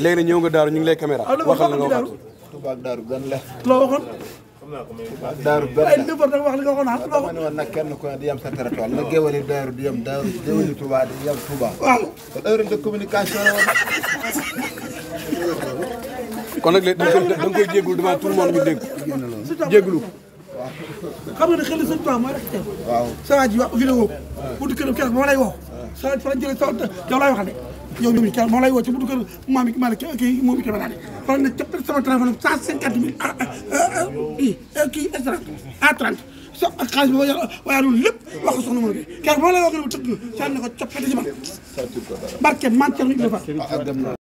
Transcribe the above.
léegi nag ñëw nga daaru ñu ngi lay caméra waxal la nga waxal Touba ak daaru gan la loo daaru gan la ay dëbar nag wax li ah, kenn ku di yem sa territoire na géwali daaru di yem daaru géwali Touba di yem Touba kon heure de communication la woon kon nag léegi da nga koy jéggul devant tout le monde ñu dégg jégglu xam nga ne sa waa ji wax vidéo bu di këram keroog moo lay woo sa fa la jëlee sa yow laay waxal de yow ñoom moom lay woo ci buntu kër maam yi Malick kii moom itamit daal de na cappal sama téléphone cent cinquante mille ah, ah, ah, kii à trente so ak xaalis bi waaye loolu lépp wax ko soxna mën a kii moom lay wax ko tëgg na ko cappal ci man barke man ca